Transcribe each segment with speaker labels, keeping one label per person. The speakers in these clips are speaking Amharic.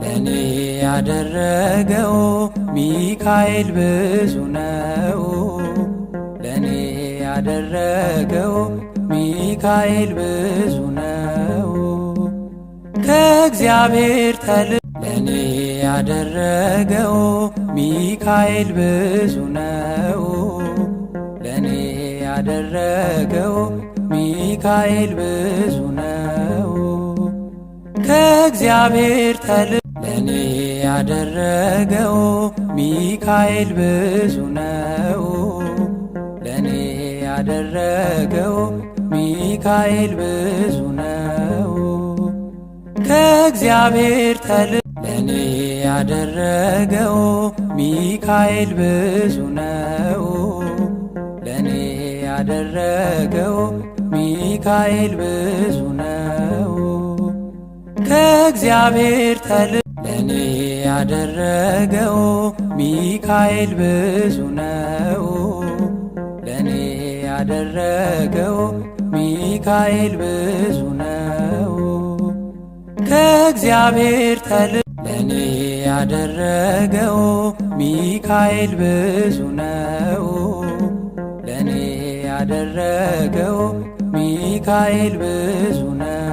Speaker 1: ለእኔ ያደረገው ሚካኤል ብዙ ነው። ለእኔ ያደረገው ሚካኤል ብዙ ነው። ከእግዚአብሔር ተል ለእኔ ያደረገው ሚካኤል ብዙ ነው። ለእኔ ያደረገው ሚካኤል ብዙ ነው። ከእግዚአብሔር ተል ለእኔ ያደረገው ሚካኤል ብዙ ነው። ለእኔ ያደረገው ሚካኤል ብዙ ነው። ከእግዚአብሔር ተል ለእኔ ያደረገው ሚካኤል ብዙ ነው። ለእኔ ያደረገው ሚካኤል ብዙ ነው። እግዚአብሔር ተል ለእኔ ያደረገው ሚካኤል ብዙ ነው። ለእኔ ያደረገው ሚካኤል ብዙ ነው። ከእግዚአብሔር ተል ለእኔ ያደረገው ሚካኤል ብዙ ነው። ለእኔ ያደረገው ሚካኤል ብዙ ነው።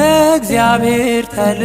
Speaker 1: ከእግዚአብሔር ተል